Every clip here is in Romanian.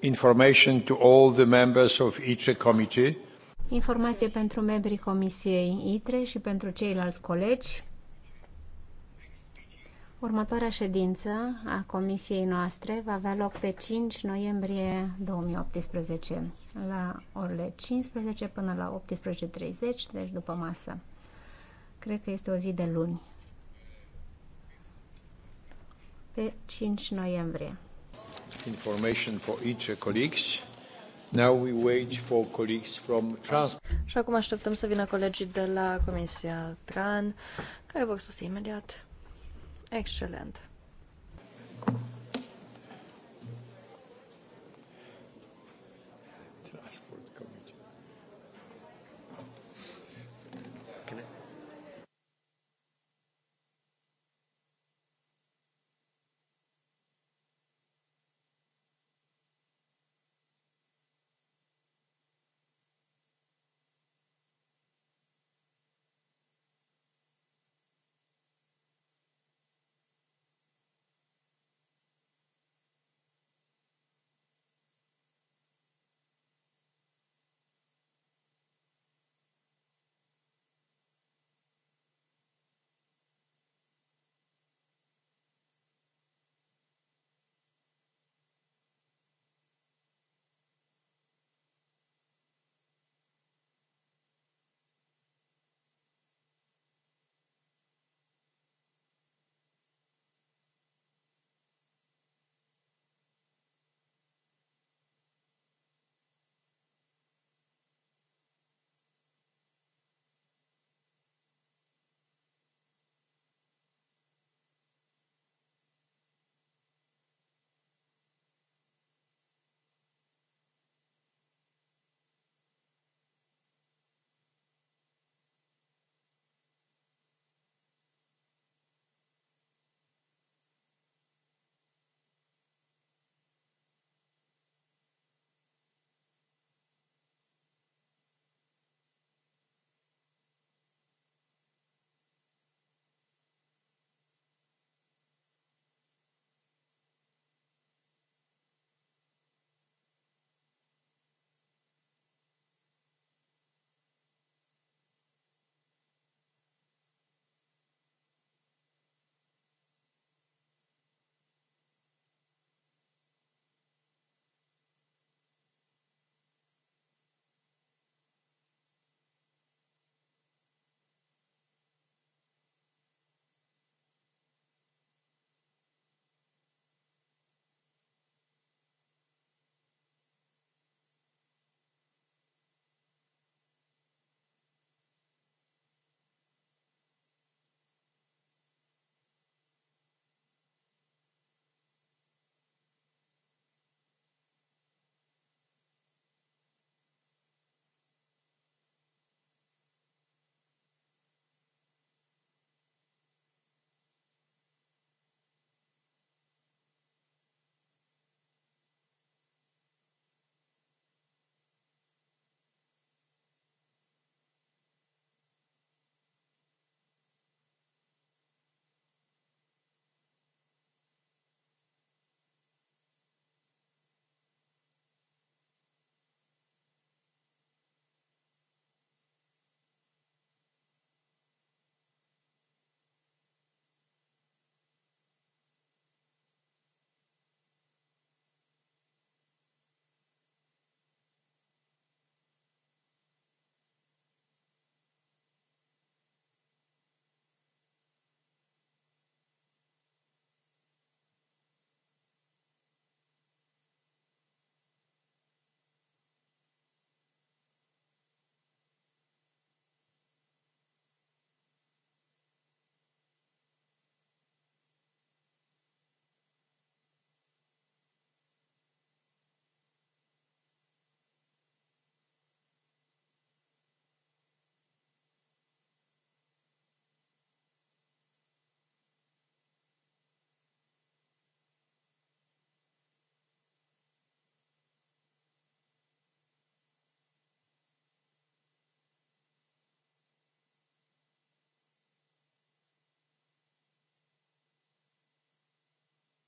information to all the members of each committee. Informație pentru membrii Comisiei ITRE și pentru ceilalți colegi. Următoarea ședință a comisiei noastre va avea loc pe 5 noiembrie 2018 la orele 15 până la 18.30, deci după masă. Cred că este o zi de luni. Pe 5 noiembrie information for each colleagues. Now we wait for colleagues from Trans. Și acum așteptăm să vină colegii de la Comisia Tran, care vor sosi imediat. Excelent.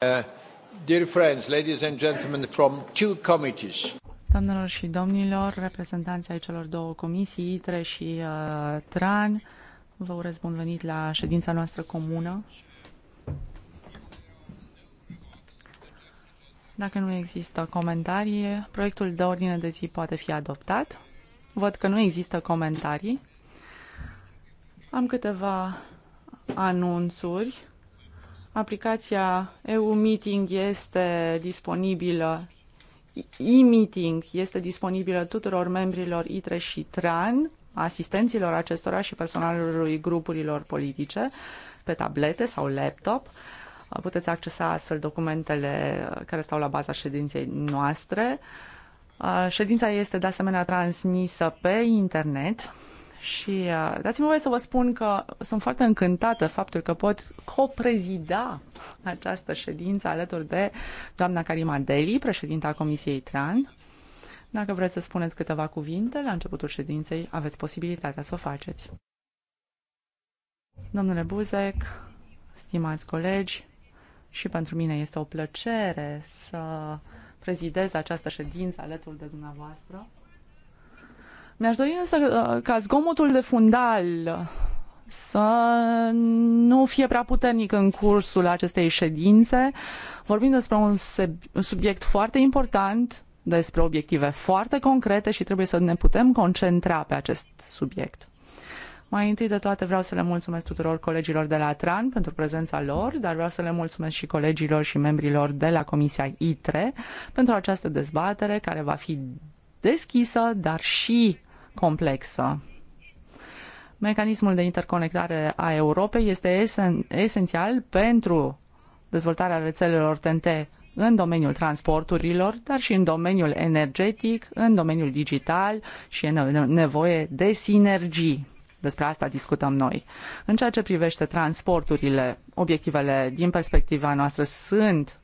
Uh, dear friends, ladies and gentlemen from two committees. Doamnelor și domnilor, reprezentanții ai celor două comisii, ITRE și uh, TRAN, vă urez bun venit la ședința noastră comună. Dacă nu există comentarii, proiectul de ordine de zi poate fi adoptat. Văd că nu există comentarii. Am câteva anunțuri. Aplicația EU-Meeting este disponibilă, e-Meeting este disponibilă tuturor membrilor ITRE și TRAN, asistenților acestora și personalului grupurilor politice pe tablete sau laptop. Puteți accesa astfel documentele care stau la baza ședinței noastre. Ședința este de asemenea transmisă pe internet. Și uh, dați-mi voie să vă spun că sunt foarte încântată faptul că pot coprezida această ședință alături de doamna Karima Deli, președinta Comisiei TRAN. Dacă vreți să spuneți câteva cuvinte la începutul ședinței, aveți posibilitatea să o faceți. Domnule Buzec, stimați colegi, și pentru mine este o plăcere să prezidez această ședință alături de dumneavoastră. Mi-aș dori însă uh, ca zgomotul de fundal să nu fie prea puternic în cursul acestei ședințe. Vorbim despre un subiect foarte important, despre obiective foarte concrete și trebuie să ne putem concentra pe acest subiect. Mai întâi de toate vreau să le mulțumesc tuturor colegilor de la TRAN pentru prezența lor, dar vreau să le mulțumesc și colegilor și membrilor de la Comisia ITRE pentru această dezbatere care va fi deschisă, dar și complexă. Mecanismul de interconectare a Europei este esen, esențial pentru dezvoltarea rețelelor TNT în domeniul transporturilor, dar și în domeniul energetic, în domeniul digital și e nevoie de sinergii. Despre asta discutăm noi. În ceea ce privește transporturile, obiectivele din perspectiva noastră sunt,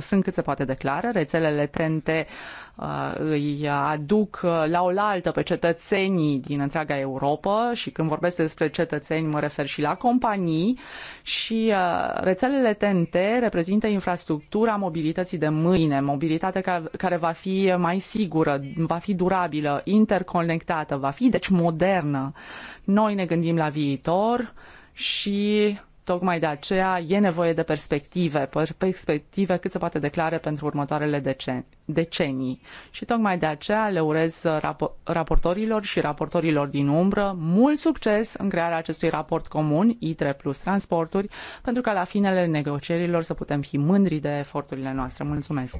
sunt cât se poate de clare. Rețelele TNT uh, îi aduc uh, la oaltă pe cetățenii din întreaga Europa și când vorbesc despre cetățeni mă refer și la companii și uh, rețelele TNT reprezintă infrastructura mobilității de mâine, mobilitate care va fi mai sigură, va fi durabilă, interconectată, va fi deci modernă. Noi ne gândim la viitor și Tocmai de aceea e nevoie de perspective, perspective cât se poate declare pentru următoarele decenii. Și tocmai de aceea le urez raportorilor și raportorilor din umbră mult succes în crearea acestui raport comun, ITRE plus transporturi, pentru ca la finele negocierilor să putem fi mândri de eforturile noastre. Mulțumesc!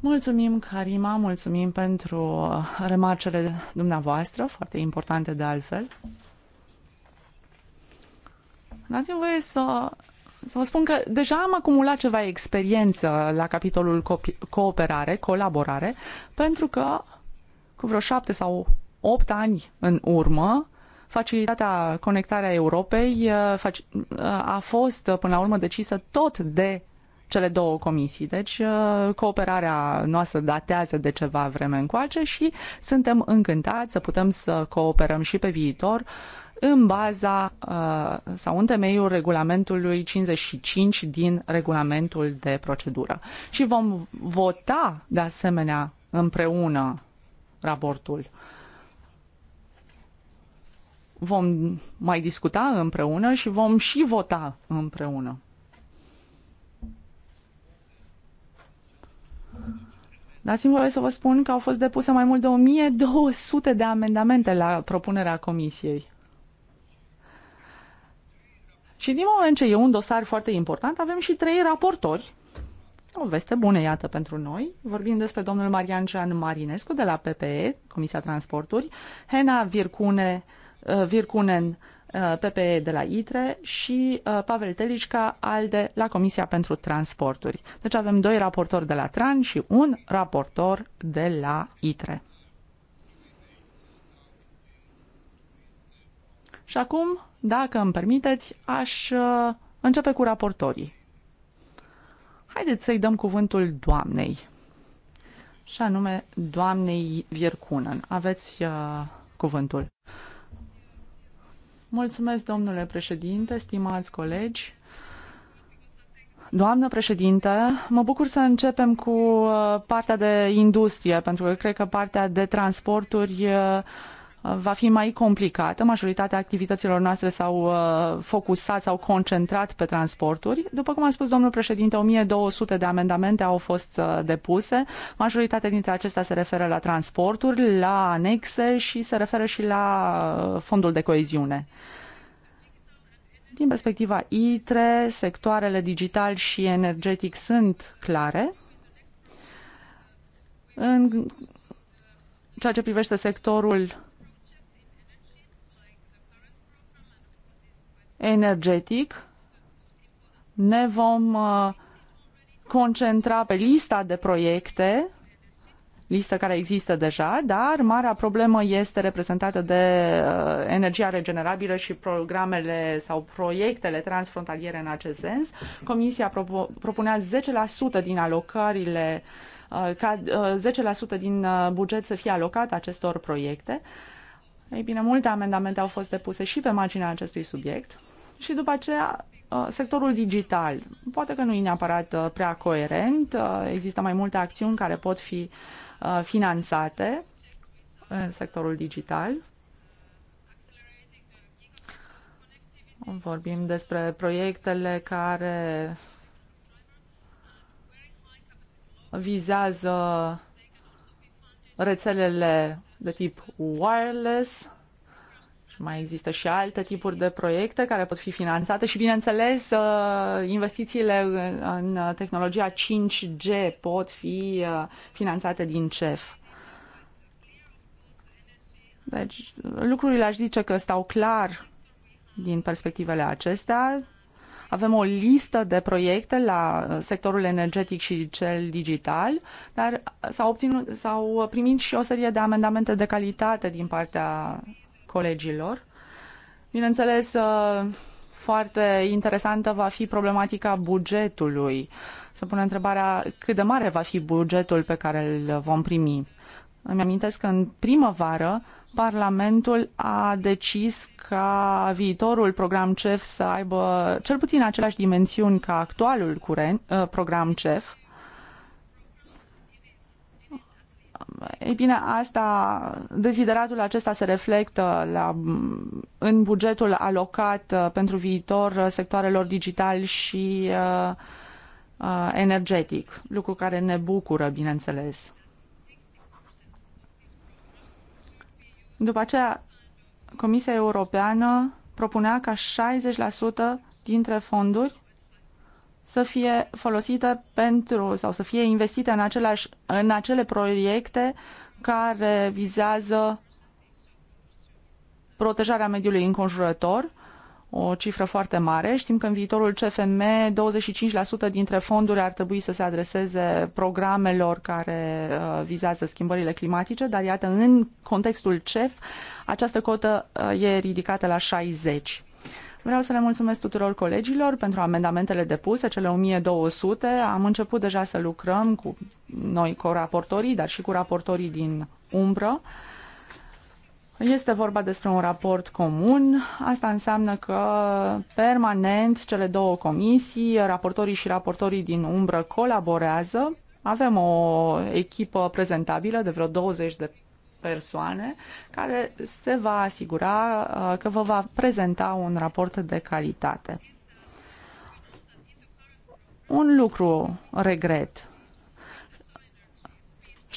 Mulțumim, Karima, mulțumim pentru remarcele dumneavoastră, foarte importante de altfel. Dați-mi voie să, să vă spun că deja am acumulat ceva experiență la capitolul cooperare, colaborare, pentru că cu vreo șapte sau opt ani în urmă, facilitatea conectarea Europei uh, uh, a fost uh, până la urmă decisă tot de cele două comisii. Deci cooperarea noastră datează de ceva vreme încoace și suntem încântați să putem să cooperăm și pe viitor în baza uh, sau în temeiul regulamentului 55 din regulamentul de procedură. Și vom vota de asemenea împreună raportul. Vom mai discuta împreună și vom și vota împreună. Dați-mi voie să vă spun că au fost depuse mai mult de 1200 de amendamente la propunerea comisiei. Și din moment ce e un dosar foarte important, avem și trei raportori. O veste bună, iată, pentru noi. Vorbim despre domnul Marian Jean Marinescu de la PPE, Comisia Transporturi, Hena uh, Vircunen, uh, PPE de la ITRE și uh, Pavel Telișca, ALDE, la Comisia pentru Transporturi. Deci avem doi raportori de la TRAN și un raportor de la ITRE. Și acum, dacă îmi permiteți, aș uh, începe cu raportorii. Haideți să-i dăm cuvântul doamnei, și anume doamnei Vircunen. Aveți uh, cuvântul. Mulțumesc, domnule președinte, stimați colegi. Doamnă președinte, mă bucur să începem cu uh, partea de industrie, pentru că cred că partea de transporturi uh, va fi mai complicată. Majoritatea activităților noastre s-au uh, focusat, s-au concentrat pe transporturi. După cum a spus domnul președinte, 1200 de amendamente au fost uh, depuse. Majoritatea dintre acestea se referă la transporturi, la anexe și se referă și la uh, fondul de coeziune. Din perspectiva ITRE, sectoarele digital și energetic sunt clare. În ceea ce privește sectorul energetic, ne vom uh, concentra pe lista de proiecte, listă care există deja, dar marea problemă este reprezentată de uh, energia regenerabilă și programele sau proiectele transfrontaliere în acest sens. Comisia propunea 10% din alocările uh, ca 10% din buget să fie alocat acestor proiecte. Ei bine, multe amendamente au fost depuse și pe marginea acestui subiect și după aceea uh, sectorul digital. Poate că nu e neapărat uh, prea coerent, uh, există mai multe acțiuni care pot fi finanțate în sectorul digital. Vorbim despre proiectele care vizează rețelele de tip wireless și mai există și alte tipuri de proiecte care pot fi finanțate și, bineînțeles, uh, investițiile în tehnologia 5G pot fi uh, finanțate din CEF. Deci, lucrurile aș zice că stau clar din perspectivele acestea. Avem o listă de proiecte la sectorul energetic și cel digital, dar s-au, obținut, s-au primit și o serie de amendamente de calitate din partea colegilor. Bineînțeles, uh, foarte interesantă va fi problematica bugetului. Să pune întrebarea cât de mare va fi bugetul pe care îl vom primi. Îmi amintesc că în primăvară Parlamentul a decis ca viitorul program CEF să aibă cel puțin aceleași dimensiuni ca actualul curent, uh, program CEF. Ei bine, asta, dezideratul acesta se reflectă la, în bugetul alocat uh, pentru viitor uh, sectoarelor digital și uh, energetic, lucru care ne bucură, bineînțeles. După aceea, Comisia Europeană propunea ca 60% dintre fonduri să fie folosite pentru sau să fie investite în, aceleași, în acele proiecte care vizează protejarea mediului înconjurător o cifră foarte mare. Știm că în viitorul CFM 25% dintre fonduri ar trebui să se adreseze programelor care uh, vizează schimbările climatice, dar iată, în contextul CEF, această cotă uh, e ridicată la 60. Vreau să le mulțumesc tuturor colegilor pentru amendamentele depuse, cele 1200. Am început deja să lucrăm cu noi, cu raportorii, dar și cu raportorii din umbră. Este vorba despre un raport comun. Asta înseamnă că permanent cele două comisii, raportorii și raportorii din umbră colaborează. Avem o echipă prezentabilă de vreo 20 de persoane care se va asigura uh, că vă va prezenta un raport de calitate. Un lucru regret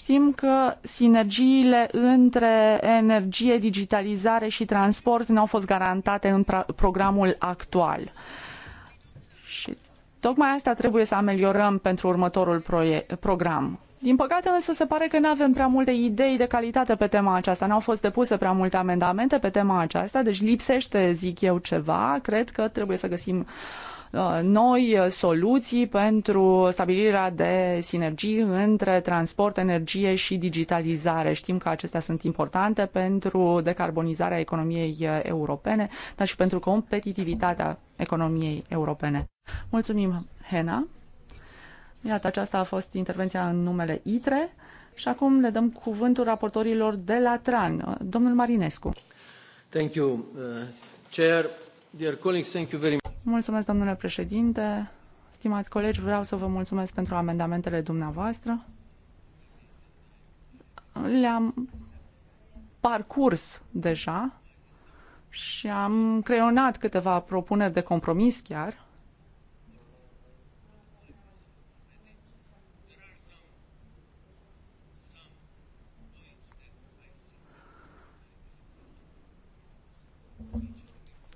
Știm că sinergiile între energie, digitalizare și transport nu au fost garantate în programul actual. Și tocmai asta trebuie să ameliorăm pentru următorul program. Din păcate însă se pare că nu avem prea multe idei de calitate pe tema aceasta. Nu au fost depuse prea multe amendamente pe tema aceasta, deci lipsește, zic eu, ceva. Cred că trebuie să găsim uh, Uh, noi soluții pentru stabilirea de sinergii între transport, energie și digitalizare. Știm că acestea sunt importante pentru decarbonizarea economiei uh, europene, dar și pentru competitivitatea economiei europene. Mulțumim, Hena. Iată, aceasta a fost intervenția în numele ITRE și acum le dăm cuvântul raportorilor de la TRAN. Uh, domnul Marinescu. Thank you, uh, Chair. Dear colleagues, thank you very Mulțumesc, domnule președinte. Stimați colegi, vreau să vă mulțumesc pentru amendamentele dumneavoastră. Le-am parcurs deja și am creionat câteva propuneri de compromis chiar.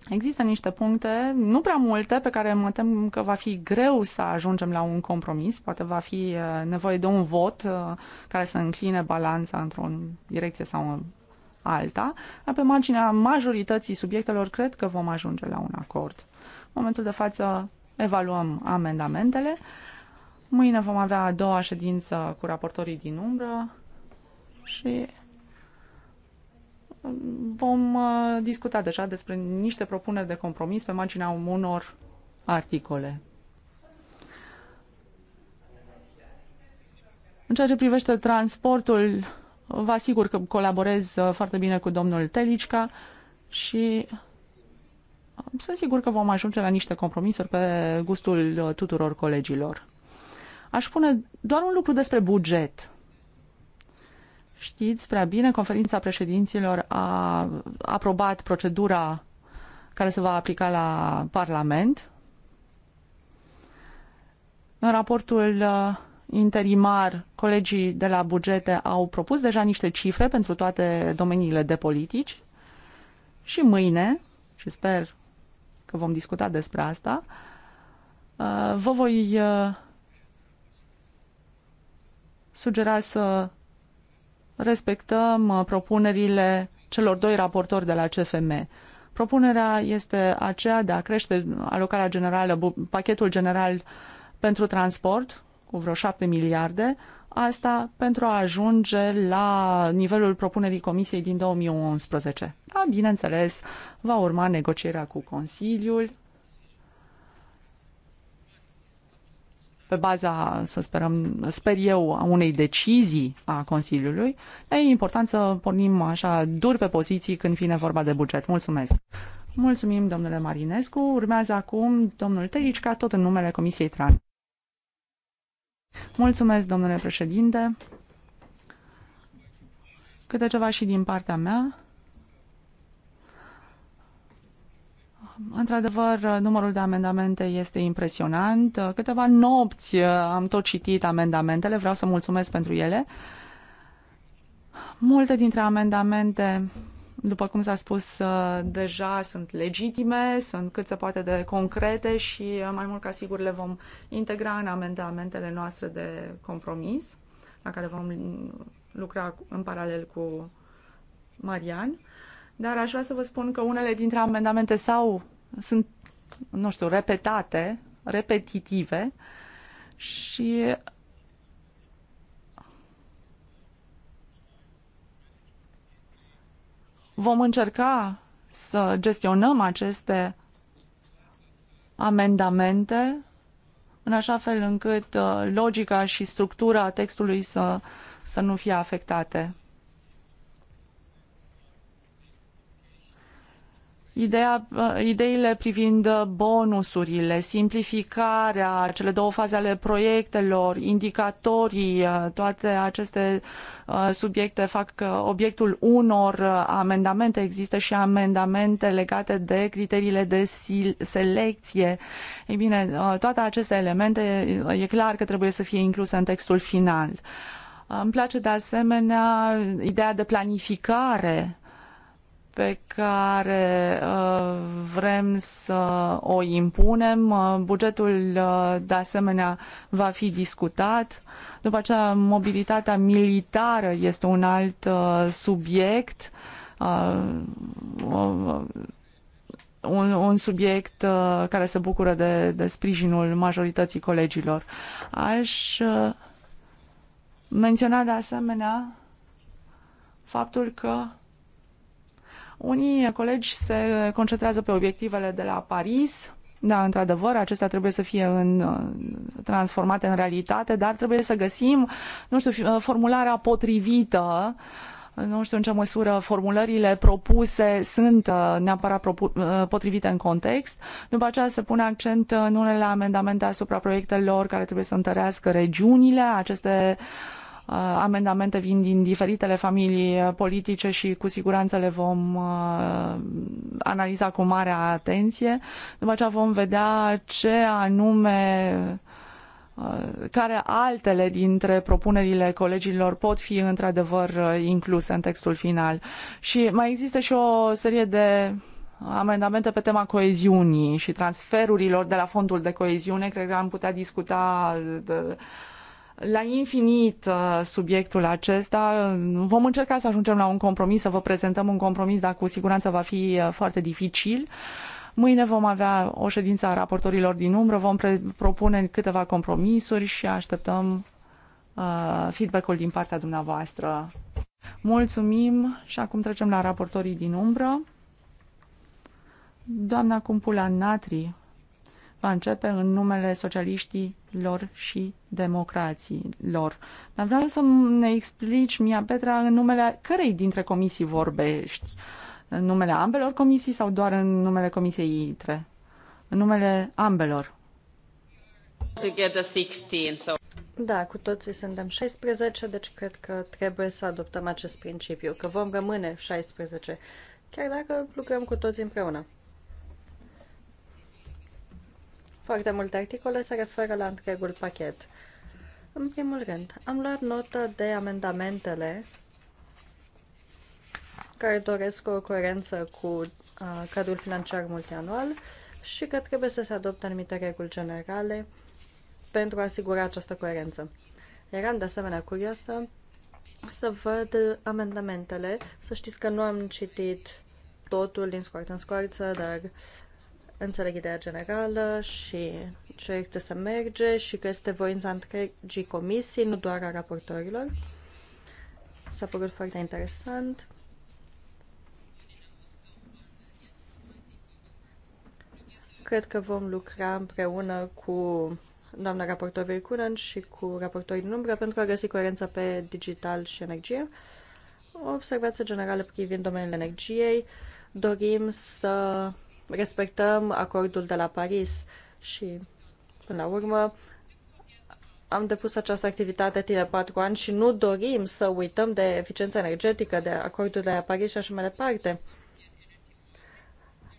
Există niște puncte, nu prea multe, pe care mă tem că va fi greu să ajungem la un compromis. Poate va fi uh, nevoie de un vot uh, care să încline balanța într-o direcție sau în alta, dar pe marginea majorității subiectelor cred că vom ajunge la un acord. În momentul de față evaluăm amendamentele. Mâine vom avea a doua ședință cu raportorii din umbră și vom uh, discuta deja despre niște propuneri de compromis pe marginea unor articole. În ceea ce privește transportul, vă asigur că colaborez uh, foarte bine cu domnul Telicca și uh, sunt sigur că vom ajunge la niște compromisuri pe gustul tuturor colegilor. Aș spune doar un lucru despre buget. Știți prea bine, conferința președinților a aprobat procedura care se va aplica la Parlament. În raportul uh, interimar, colegii de la bugete au propus deja niște cifre pentru toate domeniile de politici și mâine, și sper că vom discuta despre asta, uh, vă voi uh, sugera să respectăm uh, propunerile celor doi raportori de la CFM. Propunerea este aceea de a crește alocarea generală, pachetul general pentru transport cu vreo 7 miliarde, asta pentru a ajunge la nivelul propunerii Comisiei din 2011. Da, bineînțeles, va urma negocierea cu Consiliul, pe baza, să sperăm, sper eu, a unei decizii a Consiliului, e important să pornim așa dur pe poziții când vine vorba de buget. Mulțumesc! Mulțumim, domnule Marinescu. Urmează acum domnul Telicca, tot în numele Comisiei Tran. Mulțumesc, domnule președinte. Câte ceva și din partea mea. Într-adevăr, numărul de amendamente este impresionant. Câteva nopți uh, am tot citit amendamentele, vreau să mulțumesc pentru ele. Multe dintre amendamente, după cum s-a spus uh, deja, sunt legitime, sunt cât se poate de concrete și uh, mai mult ca sigur le vom integra în amendamentele noastre de compromis, la care vom lucra în paralel cu Marian dar aș vrea să vă spun că unele dintre amendamente sau sunt, nu știu, repetate, repetitive și vom încerca să gestionăm aceste amendamente în așa fel încât uh, logica și structura textului să, să nu fie afectate. Ideea, uh, ideile privind uh, bonusurile, simplificarea, cele două faze ale proiectelor, indicatorii, uh, toate aceste subiecte fac obiectul unor amendamente. Există și amendamente legate de criteriile de selecție. Ei bine, toate aceste elemente e clar că trebuie să fie incluse în textul final. Îmi place de asemenea ideea de planificare pe care uh, vrem să o impunem. Uh, bugetul, uh, de asemenea, va fi discutat. După aceea, mobilitatea militară este un alt subiect, un, un subiect care se bucură de, de sprijinul majorității colegilor. Aș menționa, de asemenea, faptul că unii colegi se concentrează pe obiectivele de la Paris. Da, într-adevăr, acestea trebuie să fie în, uh, transformate în realitate, dar trebuie să găsim, nu știu, uh, formularea potrivită nu știu în ce măsură formulările propuse sunt uh, neapărat potrivite în context. După aceea se pune accent în unele amendamente asupra proiectelor care trebuie să întărească regiunile. Aceste uh, Uh, amendamente vin din diferitele familii uh, politice și cu siguranță le vom uh, analiza cu mare atenție. După aceea vom vedea ce anume care altele dintre propunerile colegilor pot fi într-adevăr incluse în textul final. Și mai există și o serie de amendamente pe tema coeziunii și transferurilor de la fondul de coeziune. Cred că am putea discuta de la infinit uh, subiectul acesta. Vom încerca să ajungem la un compromis, să vă prezentăm un compromis, dar cu siguranță va fi uh, foarte dificil. Mâine vom avea o ședință a raportorilor din umbră, vom propune câteva compromisuri și așteptăm uh, feedback-ul din partea dumneavoastră. Mulțumim și acum trecem la raportorii din umbră. Doamna Cumpula Natri va începe în numele socialiștilor și democrațiilor. Dar vreau să ne explici, Mia Petra, în numele cărei dintre comisii vorbești? În numele ambelor comisii sau doar în numele comisiei ITRE? În numele ambelor. Da, cu toții suntem 16, deci cred că trebuie să adoptăm acest principiu, că vom rămâne 16, chiar dacă lucrăm cu toți împreună. Foarte multe articole se referă la întregul pachet. În primul rând, am luat notă de amendamentele care doresc o coerență cu uh, cadrul financiar multianual și că trebuie să se adopte anumite reguli generale pentru a asigura această coerență. Eram de asemenea curioasă să văd amendamentele. Să știți că nu am citit totul din scoarță în scoarță, dar înțeleg ideea generală și ce este să merge și că este voința întregii comisii, nu doar a raportorilor. S-a părut foarte interesant. Cred că vom lucra împreună cu doamna raportor Virkunen și cu raportorii din umbră pentru a găsi coerența pe digital și energie. O observație generală privind domeniul energiei. Dorim să respectăm acordul de la Paris și, până la urmă, am depus această activitate tine de patru ani și nu dorim să uităm de eficiența energetică, de acordul de la Paris și așa mai departe.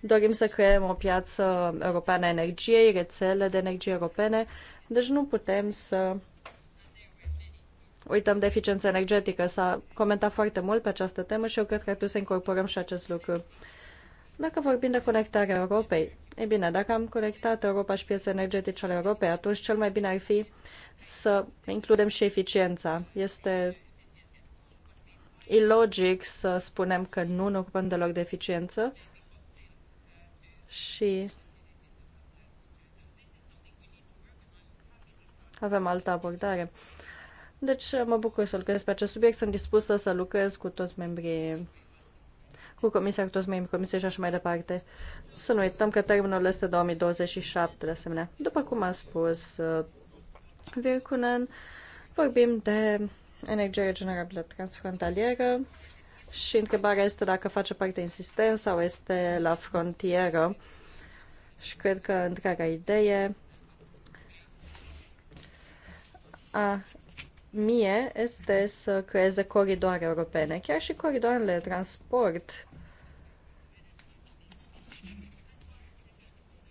Dorim să creăm o piață europeană a energiei, rețele de energie europene, deci nu putem să uităm de eficiența energetică. S-a comentat foarte mult pe această temă și eu cred că ar trebui să incorporăm și acest lucru. Dacă vorbim de conectarea Europei, e bine, dacă am conectat Europa și piețe energetice ale Europei, atunci cel mai bine ar fi să includem și eficiența. Este ilogic să spunem că nu ne ocupăm deloc de eficiență și avem altă abordare. Deci mă bucur să lucrez pe acest subiect, sunt dispusă să lucrez cu toți membrii cu Comisia, cu toți membrii Comisiei și așa mai departe. Să nu uităm că termenul este 2027, de asemenea. După cum a spus uh, Virkunen, vorbim de energie regenerabilă transfrontalieră și întrebarea este dacă face parte din sistem sau este la frontieră. Și cred că întreaga idee a mie este să creeze coridoare europene, chiar și coridoarele de transport.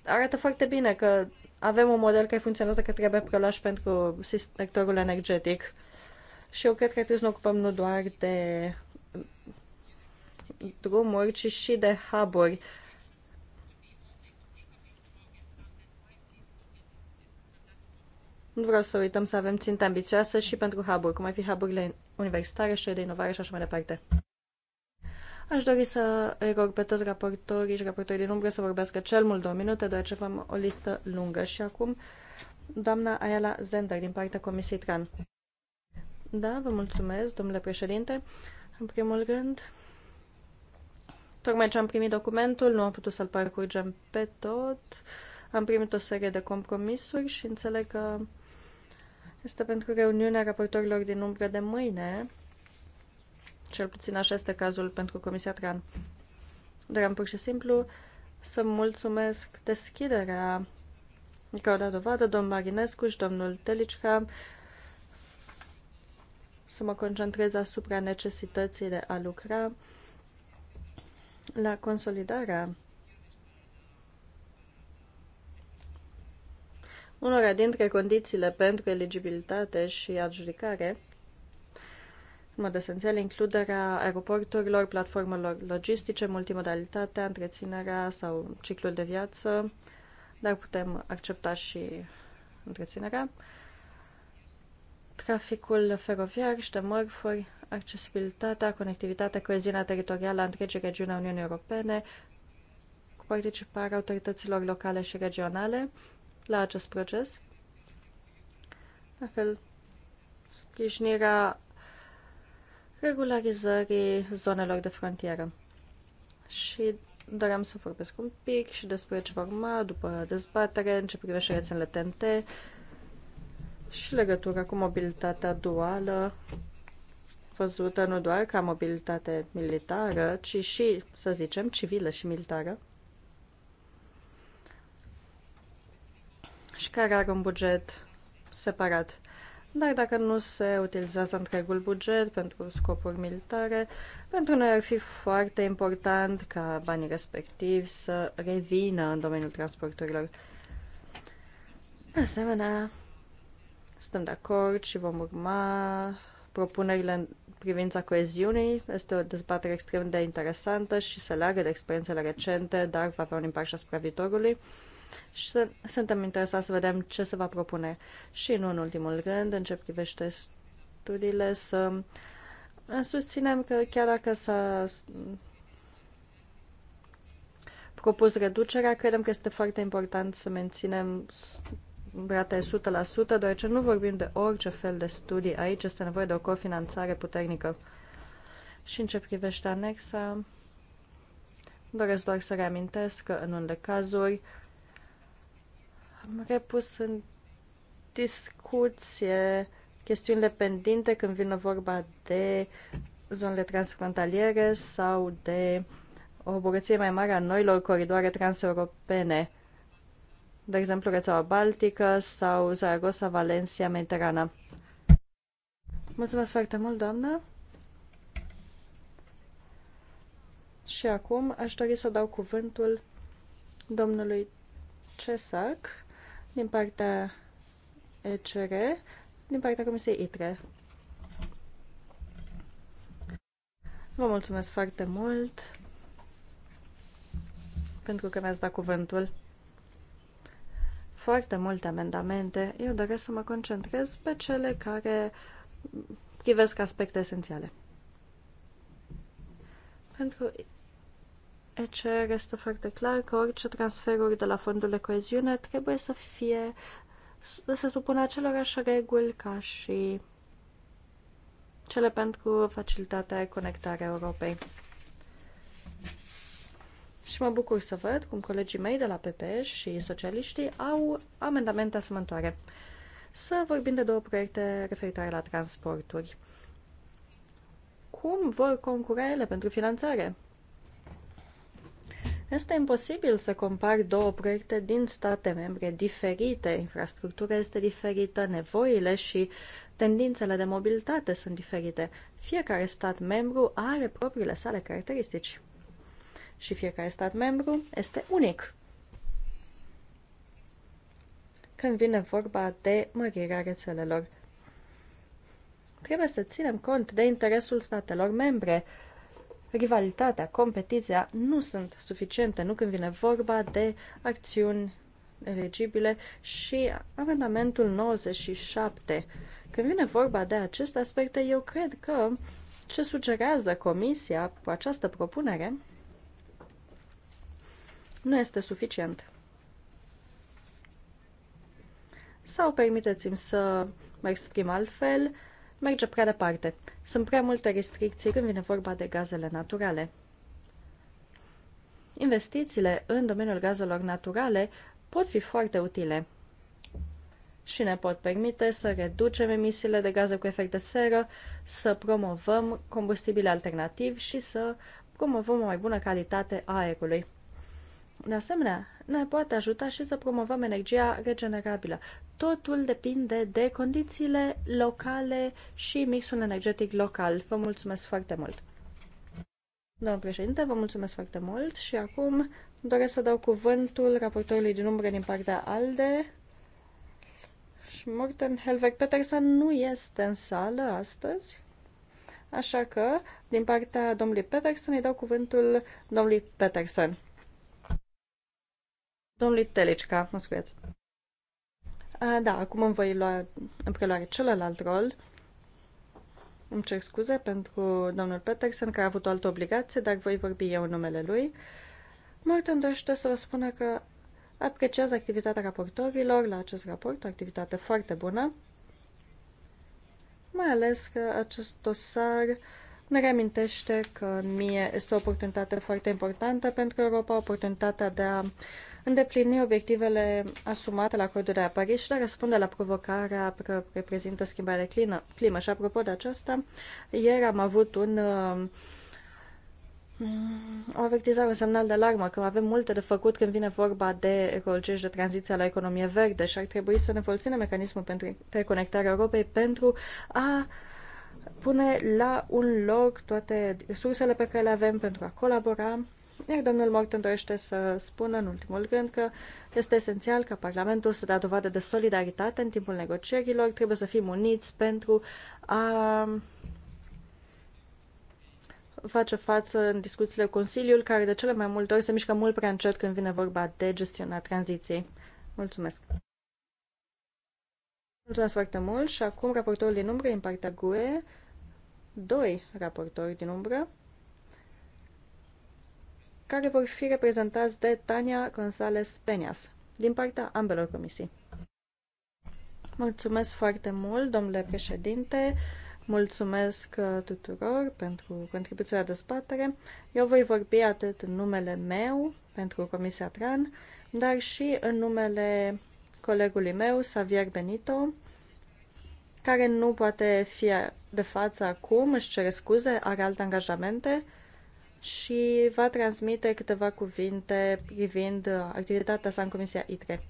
Arată foarte bine că avem un model care funcționează, că trebuie preluat și pentru sectorul energetic. Și eu cred că trebuie să ne ocupăm nu doar de drumuri, ci și de hub-uri Nu vreau să uităm să avem ținte ambițioasă și pentru hub cum ar fi hub universitare, și de inovare și așa mai departe. Aș dori să rog pe toți raportorii și raportorii din umbră să vorbească cel mult două minute, deoarece avem o listă lungă. Și acum, doamna Ayala Zender, din partea Comisiei TRAN. Da, vă mulțumesc, domnule președinte. În primul rând, tocmai ce am primit documentul, nu am putut să-l parcurgem pe tot. Am primit o serie de compromisuri și înțeleg că este pentru reuniunea raportorilor din umbră de mâine. Cel puțin așa este cazul pentru Comisia Tran. Doream pur și simplu să mulțumesc deschiderea care au dat dovadă domnul Marinescu și domnul Telicca să mă concentrez asupra necesității de a lucra la consolidarea Unora dintre condițiile pentru eligibilitate și adjudicare, în mod esențial, includerea aeroporturilor, platformelor logistice, multimodalitatea, întreținerea sau ciclul de viață, dar putem accepta și întreținerea, traficul feroviar și de mărfuri, accesibilitatea, conectivitatea, coeziunea teritorială a întregii regiuni a Uniunii Europene, cu participarea autorităților locale și regionale, la acest proces. La fel, sprijinirea regularizării zonelor de frontieră. Și doream să vorbesc un pic și despre ce va urma după dezbatere în ce privește rețelele TNT și legătura cu mobilitatea duală văzută nu doar ca mobilitate militară, ci și, să zicem, civilă și militară. și care are un buget separat. Dar dacă nu se utilizează întregul buget pentru scopuri militare, pentru noi ar fi foarte important ca banii respectivi să revină în domeniul transporturilor. De asemenea, suntem de acord și vom urma propunerile în privința coeziunii. Este o dezbatere extrem de interesantă și se leagă de experiențele recente, dar va avea un impact și asupra viitorului și suntem interesați să vedem ce se va propune. Și nu în ultimul rând, în ce privește studiile, să susținem că chiar dacă s-a propus reducerea, credem că este foarte important să menținem rate 100%, deoarece nu vorbim de orice fel de studii aici, este nevoie de o cofinanțare puternică. Și în ce privește anexa, doresc doar să reamintesc că în unele cazuri am repus în discuție chestiunile pendinte când vine vorba de zonele transfrontaliere sau de o bogăție mai mare a noilor coridoare transeuropene, de exemplu rețeaua Baltică sau Zaragoza, Valencia, Mediterana. Mulțumesc foarte mult, doamnă! Și acum aș dori să dau cuvântul domnului Cesac din partea ECR, din partea Comisiei ITRE. Vă mulțumesc foarte mult pentru că mi-ați dat cuvântul. Foarte multe amendamente. Eu doresc să mă concentrez pe cele care privesc aspecte esențiale. Pentru ECR este foarte clar că orice transferuri de la fondul de coeziune trebuie să fie să se supună acelorași reguli ca și cele pentru facilitatea conectarea Europei. Și mă bucur să văd cum colegii mei de la PP și socialiștii au amendamente asemănătoare. Să vorbim de două proiecte referitoare la transporturi. Cum vor concura ele pentru finanțare? Este imposibil să compari două proiecte din state membre diferite. Infrastructura este diferită, nevoile și tendințele de mobilitate sunt diferite. Fiecare stat membru are propriile sale caracteristici. Și fiecare stat membru este unic când vine vorba de mărirea rețelelor. Trebuie să ținem cont de interesul statelor membre rivalitatea, competiția nu sunt suficiente, nu când vine vorba de acțiuni elegibile și amendamentul 97. Când vine vorba de aceste aspecte, eu cred că ce sugerează Comisia cu această propunere nu este suficient. Sau permiteți-mi să mă exprim altfel, uh, merge prea departe. Sunt prea multe restricții când vine vorba de gazele naturale. Investițiile în domeniul gazelor naturale pot fi foarte utile și ne pot permite să reducem emisiile de gaze cu efect de seră, să promovăm combustibile alternativi și să promovăm o mai bună calitate a aerului. De asemenea, ne poate ajuta și să promovăm energia regenerabilă. Totul depinde de condițiile locale și mixul energetic local. Vă mulțumesc foarte mult! Domnul președinte, vă mulțumesc foarte mult și acum doresc să dau cuvântul raportorului din umbră din partea ALDE. Și Morten Helveg Petersen nu este în sală astăzi, așa că din partea domnului Petersen îi dau cuvântul domnului Petersen domnului Telecica, mă scuzați. Da, acum îmi voi lua în preluare celălalt rol. Îmi cer scuze pentru domnul Peterson, care a avut o altă obligație, dar voi vorbi eu în numele lui. Morton dorește să vă spună că apreciază activitatea raportorilor la acest raport, o activitate foarte bună, mai ales că acest dosar ne reamintește că mie este o oportunitate foarte importantă pentru Europa, oportunitatea de a îndeplini obiectivele asumate la acordul de la Paris și de a răspunde la provocarea care reprezintă schimbarea de climă. Și apropo de aceasta, ieri am avut un uh, o avertizare, un semnal de alarmă că avem multe de făcut când vine vorba de ecologie și de tranziția la economie verde și ar trebui să ne folosim mecanismul pentru interconectarea Europei pentru a pune la un loc toate resursele pe care le avem pentru a colabora iar domnul Morton dorește să spună, în ultimul rând, că este esențial ca Parlamentul să dea dovadă de solidaritate în timpul negocierilor. Trebuie să fim uniți pentru a face față în discuțiile cu Consiliul, care de cele mai multe ori se mișcă mult prea încet când vine vorba de gestiunea tranziției. Mulțumesc! Mulțumesc foarte mult și acum raportorul din umbră în partea GUE, doi raportori din umbră, care vor fi reprezentați de Tania González Peñas, din partea ambelor comisii. Mulțumesc foarte mult, domnule președinte. Mulțumesc uh, tuturor pentru contribuția de spatere. Eu voi vorbi atât în numele meu, pentru Comisia TRAN, dar și în numele colegului meu, Xavier Benito, care nu poate fi de față acum, își cere scuze, are alte angajamente și va transmite câteva cuvinte privind activitatea sa în Comisia ITRE.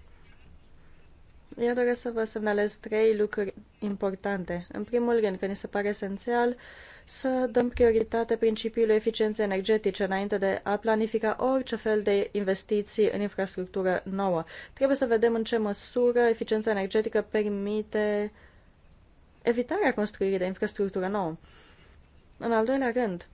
Eu doresc să vă semnalez trei lucruri importante. În primul rând, că ni se pare esențial să dăm prioritate principiului eficienței energetice înainte de a planifica orice fel de investiții în infrastructură nouă. Trebuie să vedem în ce măsură eficiența energetică permite evitarea construirii de infrastructură nouă. În al doilea rând,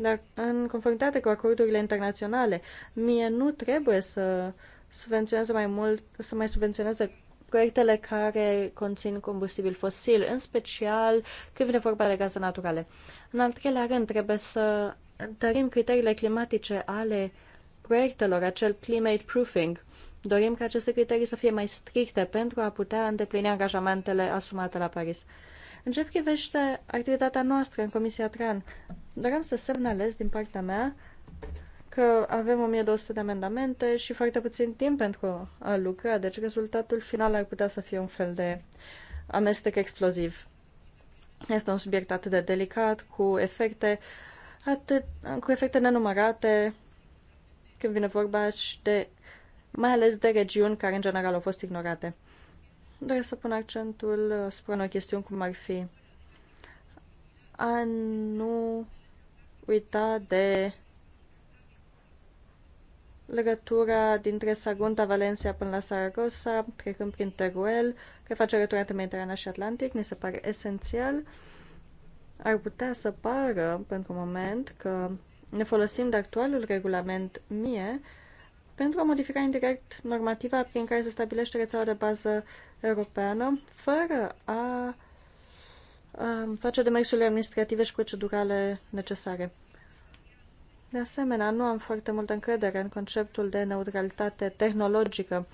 dar în conformitate cu acordurile internaționale, mie nu trebuie să subvenționeze mai mult, să mai subvenționeze proiectele care conțin combustibil fosil, în special când vine vorba de gaze naturale. În al treilea rând, trebuie să întărim criteriile climatice ale proiectelor, acel climate proofing. Dorim ca aceste criterii să fie mai stricte pentru a putea îndeplini angajamentele asumate la Paris. În ce privește activitatea noastră în Comisia TRAN, doream să semnalez din partea mea că avem 1200 de amendamente și foarte puțin timp pentru a lucra, deci rezultatul final ar putea să fie un fel de amestec exploziv. Este un subiect atât de delicat, cu efecte, atât, cu efecte nenumărate, când vine vorba și de, mai ales de regiuni care în general au fost ignorate doresc să pun accentul uh, spre o chestiune cum ar fi a nu uita de legătura dintre Sagunta, Valencia până la Saragossa, trecând prin Teruel, care face legătura între Mediterana și Atlantic, mi se pare esențial. Ar putea să pară, pentru moment, că ne folosim de actualul regulament mie, pentru a modifica indirect normativa prin care se stabilește rețeaua de bază europeană, fără a um, face demersurile administrative și procedurale necesare. De asemenea, nu am foarte multă încredere în conceptul de neutralitate tehnologică.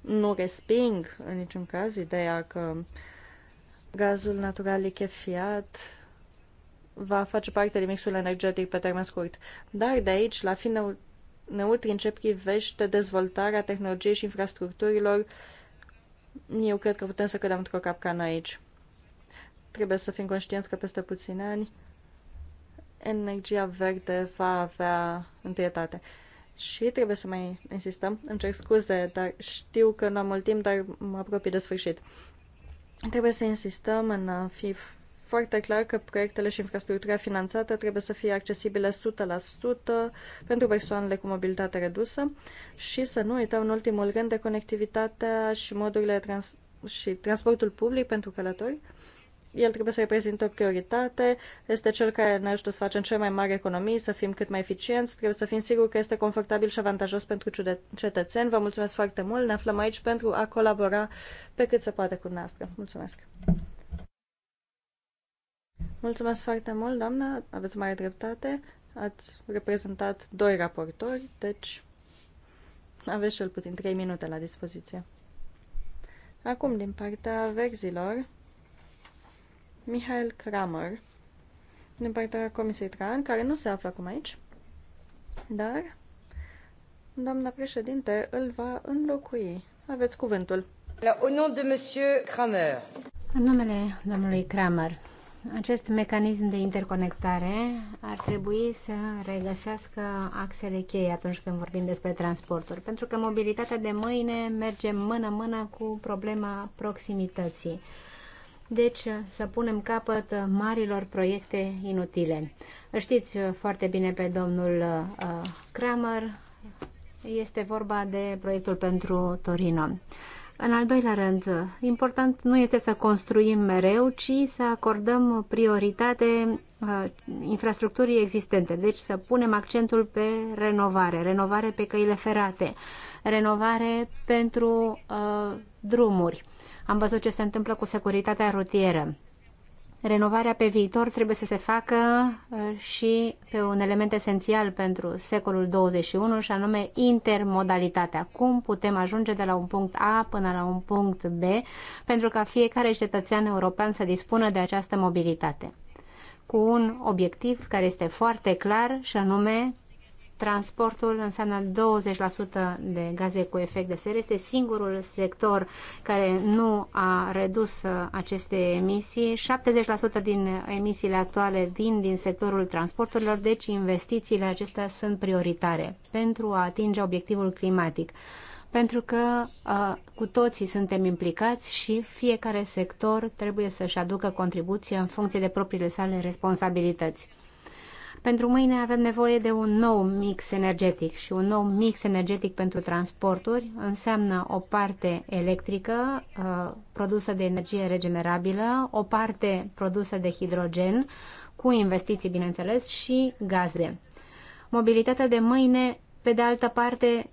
Nu resping în niciun caz ideea că gazul natural lichefiat va face parte din mixul energetic pe termen scurt. Dar de aici, la fi înăuntri în ce privește dezvoltarea tehnologiei și infrastructurilor, eu cred că putem să cădem într-o capcană aici. Trebuie să fim conștienți că peste puține ani energia verde va avea întâietate. Și trebuie să mai insistăm. Îmi cer scuze, dar știu că nu am mult timp, dar mă apropii de sfârșit. Trebuie să insistăm în a fi foarte clar că proiectele și infrastructura finanțată trebuie să fie accesibile 100% pentru persoanele cu mobilitate redusă și să nu uităm în ultimul rând de conectivitatea și modurile trans- și transportul public pentru călători. El trebuie să reprezinte o prioritate, este cel care ne ajută să facem cele mai mari economii, să fim cât mai eficienți, trebuie să fim siguri că este confortabil și avantajos pentru cetățeni. Vă mulțumesc foarte mult, ne aflăm aici pentru a colabora pe cât se poate cu noastră. Mulțumesc! Mulțumesc foarte mult, doamna. aveți mare dreptate. Ați reprezentat doi raportori, deci aveți cel puțin trei minute la dispoziție. Acum, din partea verzilor, Mihail Kramer, din partea Comisiei Tran, care nu se află acum aici, dar doamna președinte îl va înlocui. Aveți cuvântul. La, au nom de Monsieur Kramer. În numele domnului Kramer, acest mecanism de interconectare ar trebui să regăsească axele cheie atunci când vorbim despre transporturi, pentru că mobilitatea de mâine merge mână-mână cu problema proximității. Deci să punem capăt marilor proiecte inutile. Știți foarte bine pe domnul uh, Kramer, este vorba de proiectul pentru Torino. În al doilea rând, important nu este să construim mereu, ci să acordăm prioritate uh, infrastructurii existente, deci să punem accentul pe renovare, renovare pe căile ferate, renovare pentru uh, drumuri. Am văzut ce se întâmplă cu securitatea rutieră renovarea pe viitor trebuie să se facă uh, și pe un element esențial pentru secolul 21 și anume intermodalitatea. Cum putem ajunge de la un punct A până la un punct B pentru ca fiecare cetățean european să dispună de această mobilitate cu un obiectiv care este foarte clar și anume transportul înseamnă 20% de gaze cu efect de seră. Este singurul sector care nu a redus uh, aceste emisii. 70% din emisiile actuale vin din sectorul transporturilor, deci investițiile acestea sunt prioritare pentru a atinge obiectivul climatic. Pentru că uh, cu toții suntem implicați și fiecare sector trebuie să-și aducă contribuția în funcție de propriile sale responsabilități. Pentru mâine avem nevoie de un nou mix energetic și un nou mix energetic pentru transporturi înseamnă o parte electrică uh, produsă de energie regenerabilă, o parte produsă de hidrogen, cu investiții, bineînțeles, și gaze. Mobilitatea de mâine, pe de altă parte,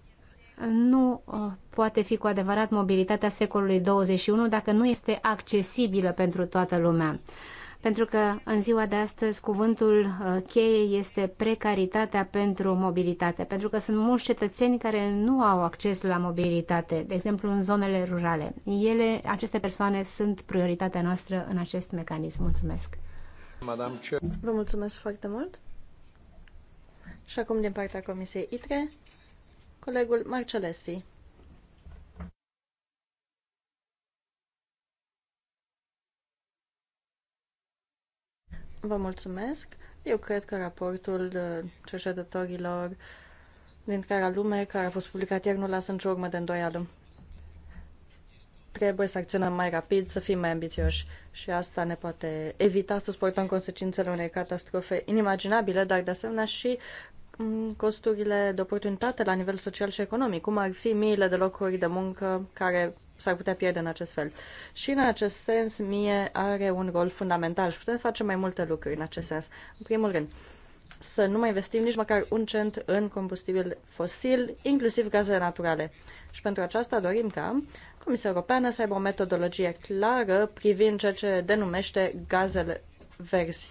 nu uh, poate fi cu adevărat mobilitatea secolului 21 dacă nu este accesibilă pentru toată lumea pentru că în ziua de astăzi cuvântul uh, cheie este precaritatea pentru mobilitate, pentru că sunt mulți cetățeni care nu au acces la mobilitate, de exemplu în zonele rurale. Ele, aceste persoane sunt prioritatea noastră în acest mecanism. Mulțumesc! Madame Vă mulțumesc foarte mult! Și acum din partea Comisiei ITRE, colegul Marcelesi. Vă mulțumesc. Eu cred că raportul uh, cercetătorilor din care lume, care a fost publicat ieri, nu lasă nicio urmă de îndoială. Trebuie să acționăm mai rapid, să fim mai ambițioși și asta ne poate evita să suportăm consecințele unei catastrofe inimaginabile, dar de asemenea și mm, costurile de oportunitate la nivel social și economic, cum ar fi miile de locuri de muncă care s-ar putea pierde în acest fel. Și în acest sens, mie are un rol fundamental și putem face mai multe lucruri în acest sens. În primul rând, să nu mai investim nici măcar un cent în combustibil fosil, inclusiv gaze naturale. Și pentru aceasta dorim ca Comisia Europeană să aibă o metodologie clară privind ceea ce denumește gazele verzi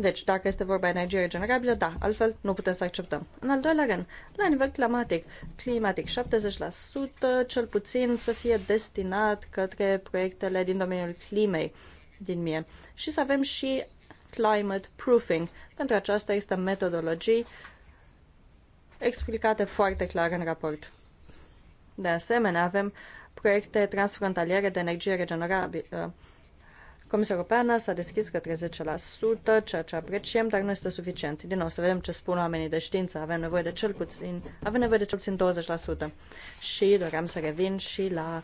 deci, dacă este vorba de energie regenerabilă, da, altfel nu putem să acceptăm. În al doilea rând, la nivel climatic, climatic 70% cel puțin să fie destinat către proiectele din domeniul climei din mie. Și să avem și climate proofing. Pentru aceasta există metodologii explicate foarte clar în raport. De asemenea, avem proiecte transfrontaliere de energie regenerabilă Comisia Europeană s-a deschis către 10%, ceea ce apreciem, dar nu este suficient. Din nou, să vedem ce spun oamenii de știință. Avem nevoie de cel puțin, avem nevoie de cel puțin 20%. Și doream să revin și la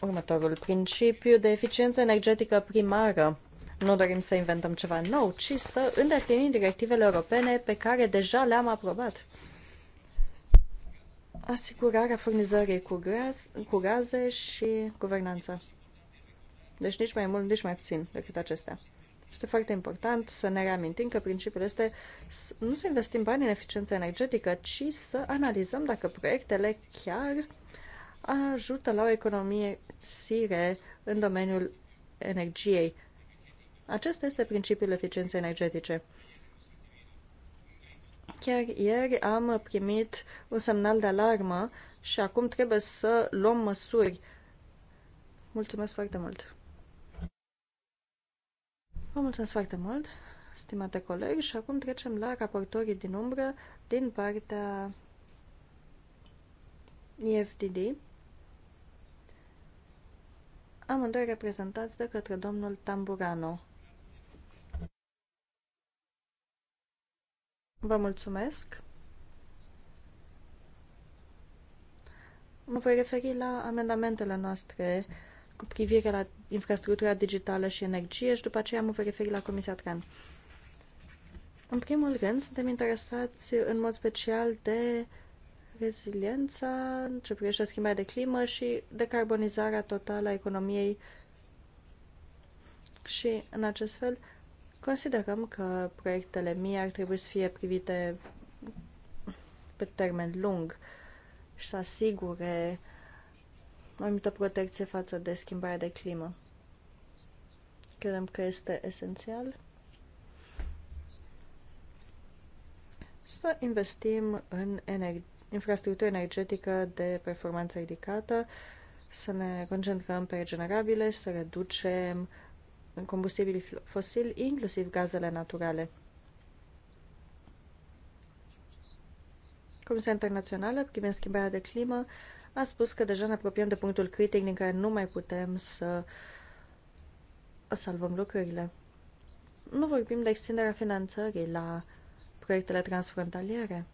următorul principiu de eficiență energetică primară. Nu dorim să inventăm ceva nou, ci să îndeplinim directivele europene pe care deja le-am aprobat. Asigurarea furnizării cu, graz, cu gaze și guvernanța deci nici mai mult, nici mai puțin decât acestea. Este foarte important să ne reamintim că principiul este să nu să investim bani în eficiență energetică, ci să analizăm dacă proiectele chiar ajută la o economie sire în domeniul energiei. Acesta este principiul eficienței energetice. Chiar ieri am primit un semnal de alarmă și acum trebuie să luăm măsuri. Mulțumesc foarte mult! Vă mulțumesc foarte mult, stimate colegi, și acum trecem la raportorii din umbră din partea IFDD. Amândoi reprezentați de către domnul Tamburano. Vă mulțumesc. Mă voi referi la amendamentele noastre cu privire la infrastructura digitală și energie și după aceea mă voi referi la Comisia Tran. În primul rând, suntem interesați în mod special de reziliența ce privește schimbarea de climă și decarbonizarea totală a economiei și, în acest fel, considerăm că proiectele mie ar trebui să fie privite pe termen lung și să asigure uh, mai multă protecție față de schimbarea de climă. Credem că este esențial să investim în energie infrastructură energetică de performanță ridicată, să ne concentrăm pe regenerabile și să reducem combustibili fosili, inclusiv gazele naturale. Comisia Internațională privind schimbarea de climă a spus că deja ne apropiem de punctul critic din care nu mai putem să salvăm lucrurile. Nu vorbim de extinderea finanțării la proiectele transfrontaliere.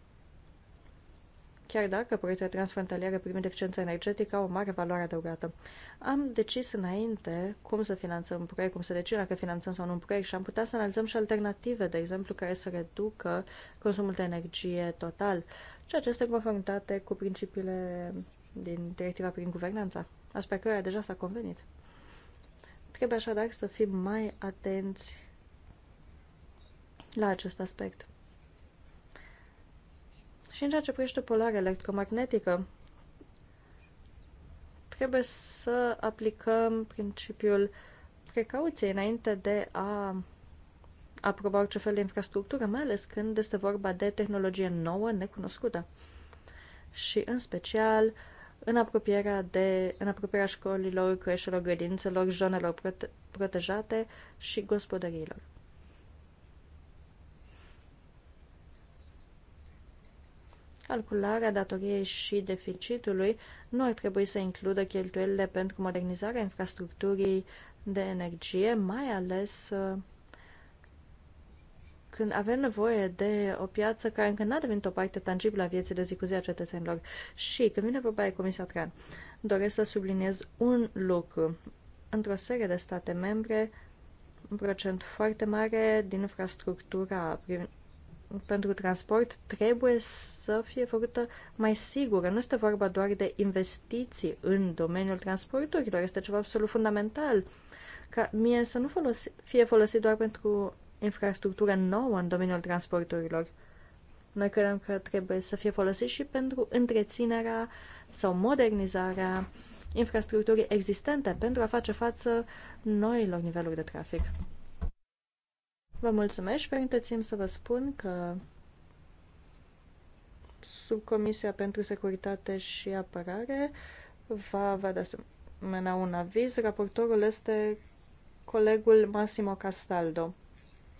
Chiar dacă proiectele transfrontaliere privind eficiență energetică au o mare valoare adăugată. Am decis înainte cum să finanțăm un proiect, cum să decidem dacă finanțăm sau nu un proiect și am putea să analizăm și alternative, de exemplu, care să reducă consumul de energie total, ceea ce este confruntate cu principiile din directiva prin guvernanța, asupra căreia deja s-a convenit. Trebuie așadar să fim mai atenți la acest aspect. Și în ceea ce privește polarea electromagnetică, trebuie să aplicăm principiul precauției înainte de a aproba orice fel de infrastructură, mai ales când este vorba de tehnologie nouă, necunoscută. Și, în special, în apropierea, de, în apropierea școlilor, creșelor, grădințelor, zonelor prote- protejate și gospodăriilor. Calcularea datoriei și deficitului nu ar trebui să includă cheltuielile pentru modernizarea infrastructurii de energie, mai ales uh, când avem nevoie de o piață care încă n-a devenit o parte tangibilă a vieții de zi cu zi a cetățenilor. Și când vine vorba de Comisia Tran, doresc să subliniez un lucru. Într-o serie de state membre, un procent foarte mare din infrastructura pentru transport trebuie să fie făcută mai sigură. Nu este vorba doar de investiții în domeniul transporturilor, este ceva absolut fundamental ca mie să nu folosi, fie folosit doar pentru infrastructură nouă în domeniul transporturilor. Noi credem că trebuie să fie folosit și pentru întreținerea sau modernizarea infrastructurii existente pentru a face față noilor niveluri de trafic. Vă mulțumesc și permiteți-mi să vă spun că Subcomisia pentru Securitate și Apărare va avea de asemenea un aviz. Raportorul este colegul Massimo Castaldo.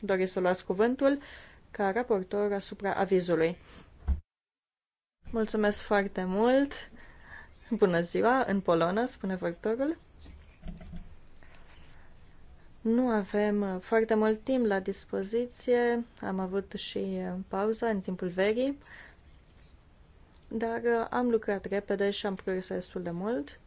Dori să luați cuvântul ca raportor asupra avizului. Mulțumesc foarte mult! Bună ziua, în polonă, spune vorbitorul. Nu avem foarte mult timp la dispoziție, am avut și pauza în timpul verii, dar am lucrat repede și am progresat destul de mult.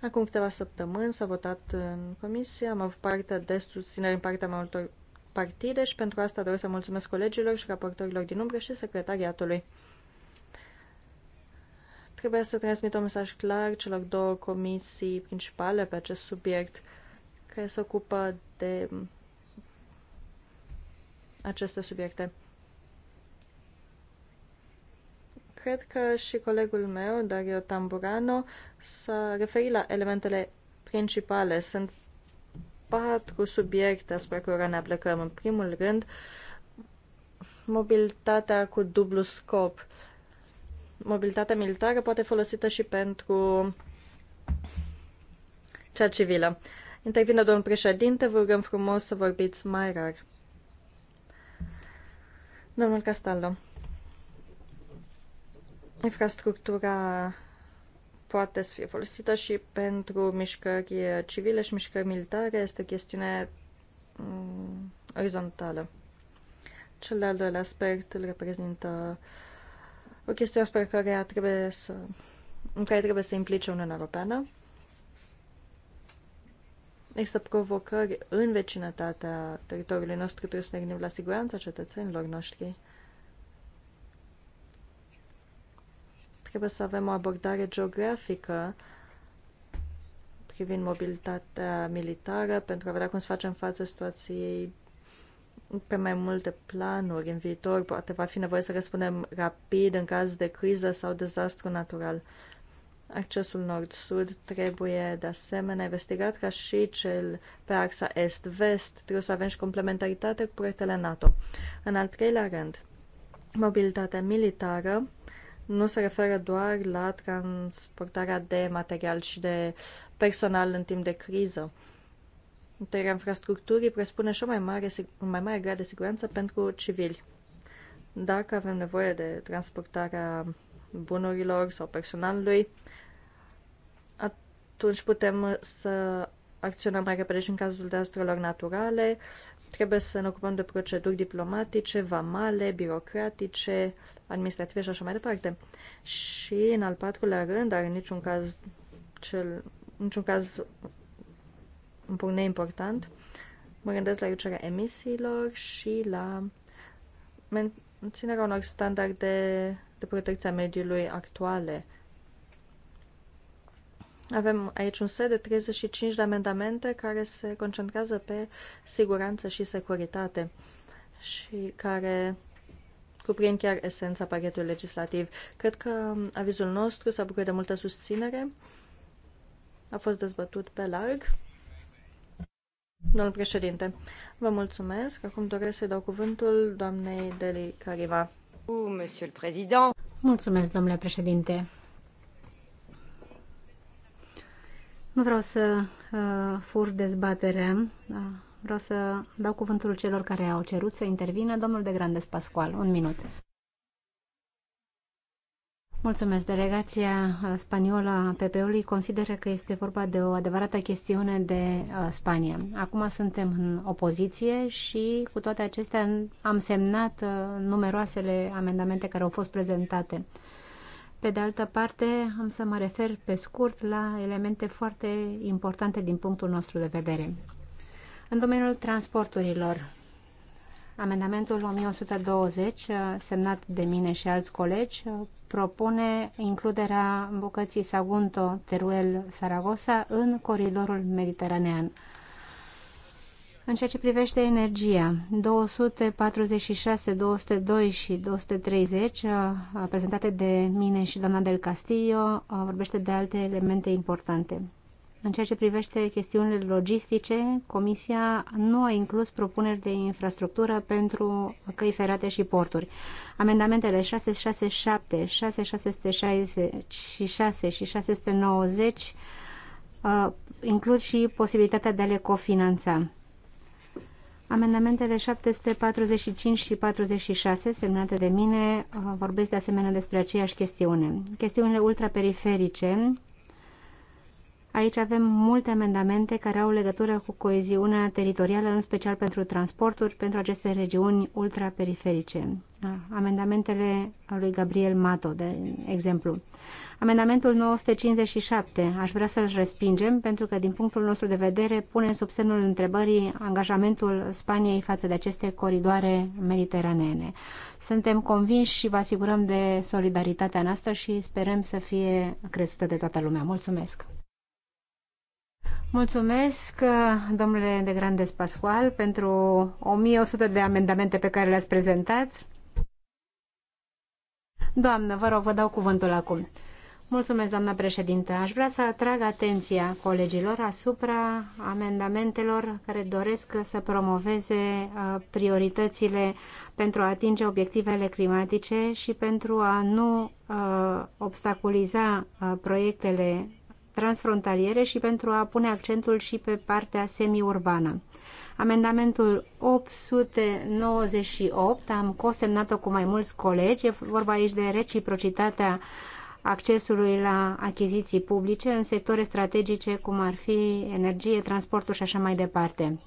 Acum câteva săptămâni s-a votat în comisie, am avut parte de susținere în partea mai multor partide și pentru asta doresc să mulțumesc colegilor și raportorilor din umbră și secretariatului. Trebuie să transmit un mesaj clar celor două comisii principale pe acest subiect care se ocupă de aceste subiecte. Cred că și colegul meu, Dario Tamburano, s-a referit la elementele principale. Sunt patru subiecte asupra cărora ne aplecăm. În primul rând, mobilitatea cu dublu scop. Mobilitatea militară poate folosită și pentru cea civilă. Intervine domnul președinte, vă rugăm frumos să vorbiți mai rar. Domnul Castello. infrastructura poate să fie folosită și pentru mișcări civile și mișcări militare. Este o chestiune mm, orizontală. Cel de-al doilea aspect îl reprezintă o chestiune pe care trebuie să, în care trebuie să implice Uniunea Europeană. Există provocări în vecinătatea teritoriului nostru, trebuie să ne gândim la siguranța cetățenilor noștri. trebuie să avem o abordare geografică privind mobilitatea militară pentru a vedea cum să facem față situației pe mai multe planuri în viitor. Poate va fi nevoie să răspundem rapid în caz de criză sau dezastru natural. Accesul nord-sud trebuie de asemenea investigat ca și cel pe axa est-vest. Trebuie să avem și complementaritate cu proiectele NATO. În al treilea rând, mobilitatea militară nu se referă doar la transportarea de material și de personal în timp de criză. Întărirea infrastructurii presupune și o mai mare, un mai mare grad de siguranță pentru civili. Dacă avem nevoie de transportarea bunurilor sau personalului, atunci putem să acționăm mai repede și în cazul dezastrelor naturale, Trebuie să ne ocupăm de proceduri diplomatice, vamale, birocratice, administrative și așa mai departe. Și, în al patrulea rând, dar în niciun caz, cel, niciun caz un punct neimportant, mă gândesc la reducerea emisiilor și la menținerea unor standarde de protecția mediului actuale avem aici un set de 35 de amendamente care se concentrează pe siguranță și securitate și care cuprind chiar esența pachetului legislativ. Cred că avizul nostru s-a bucurat de multă susținere, a fost dezbătut pe larg. Domnul președinte, vă mulțumesc. Acum doresc să dau cuvântul doamnei Deli Cariva. Mulțumesc, domnule președinte. Nu vreau să uh, fur dezbaterea. Da. vreau să dau cuvântul celor care au cerut să intervină. Domnul de Grandes Pascual, un minut. Mulțumesc. Delegația spaniolă a PP-ului consideră că este vorba de o adevărată chestiune de uh, Spania. Acum suntem în opoziție și cu toate acestea am semnat uh, numeroasele amendamente care au fost prezentate. Pe de altă parte, am să mă refer pe scurt la elemente foarte importante din punctul nostru de vedere. În domeniul transporturilor, amendamentul 1120, uh, semnat de mine și alți colegi, uh, propune includerea bucății Sagunto-Teruel-Saragossa în coridorul mediteranean. În ceea ce privește energia, 246, 202 și 230, uh, prezentate de mine și doamna Del Castillo, uh, vorbește de alte elemente importante. În ceea ce privește chestiunile logistice, Comisia nu a inclus propuneri de infrastructură pentru căi ferate și porturi. Amendamentele 667, 666 și 690 uh, includ și posibilitatea de a le cofinanța. Amendamentele 745 și 46, semnate de mine, uh, vorbesc de asemenea despre aceeași chestiune. Chestiunile ultraperiferice Aici avem multe amendamente care au legătură cu coeziunea teritorială, în special pentru transporturi, pentru aceste regiuni ultraperiferice. Amendamentele lui Gabriel Mato, de exemplu. Amendamentul 957, aș vrea să-l respingem pentru că, din punctul nostru de vedere, pune sub semnul întrebării angajamentul Spaniei față de aceste coridoare mediteraneene. Suntem convinși și vă asigurăm de solidaritatea noastră și sperăm să fie crescută de toată lumea. Mulțumesc! Mulțumesc, domnule de Grandes Pascual, pentru 1100 de amendamente pe care le-ați prezentat. Doamnă, vă rog, vă dau cuvântul acum. Mulțumesc, doamna președintă. Aș vrea să atrag atenția colegilor asupra amendamentelor care doresc să promoveze uh, prioritățile pentru a atinge obiectivele climatice și pentru a nu uh, obstaculiza uh, proiectele transfrontaliere și pentru a pune accentul și pe partea semiurbană. Amendamentul 898 am cosemnat-o cu mai mulți colegi. E vorba aici de reciprocitatea accesului la achiziții publice în sectoare strategice cum ar fi energie, transportul și așa mai departe.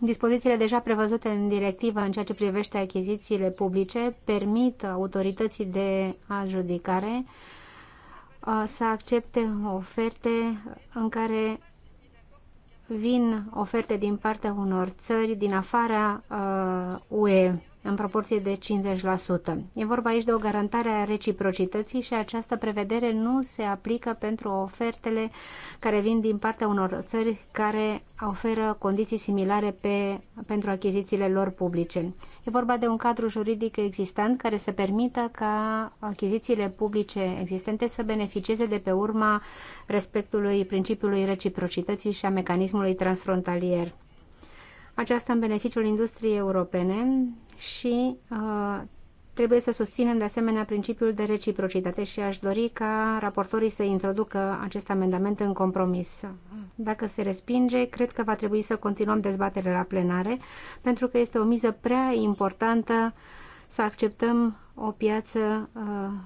Dispozițiile deja prevăzute în directivă în ceea ce privește achizițiile publice permit autorității de adjudicare să accepte oferte în care vin oferte din partea unor țări din afara UE în proporție de 50%. E vorba aici de o garantare a reciprocității și această prevedere nu se aplică pentru ofertele care vin din partea unor țări care oferă condiții similare pe, pentru achizițiile lor publice. E vorba de un cadru juridic existant care să permită ca achizițiile publice existente să beneficieze de pe urma respectului principiului reciprocității și a mecanismului transfrontalier aceasta în beneficiul industriei europene și uh, trebuie să susținem de asemenea principiul de reciprocitate și aș dori ca raportorii să introducă acest amendament în compromis. Dacă se respinge, cred că va trebui să continuăm dezbaterea la plenare, pentru că este o miză prea importantă să acceptăm o piață uh,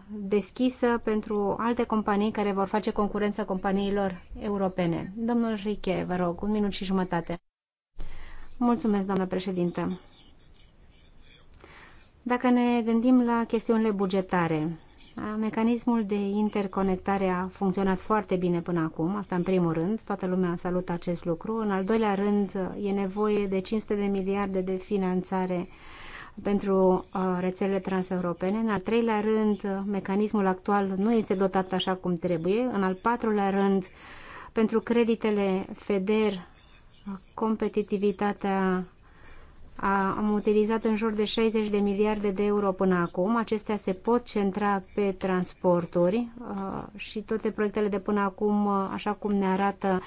deschisă pentru alte companii care vor face concurență companiilor europene. Domnul Riche, vă rog, un minut și jumătate. Mulțumesc, doamnă președinte. Dacă ne gândim la chestiunile bugetare, mecanismul de interconectare a funcționat foarte bine până acum, asta în primul rând, toată lumea salută acest lucru. În al doilea rând, e nevoie de 500 de miliarde de finanțare pentru uh, rețelele transeuropene. În al treilea rând, mecanismul actual nu este dotat așa cum trebuie. În al patrulea rând, pentru creditele FEDER competitivitatea a, am utilizat în jur de 60 de miliarde de euro până acum. Acestea se pot centra pe transporturi a, și toate proiectele de până acum, așa cum ne arată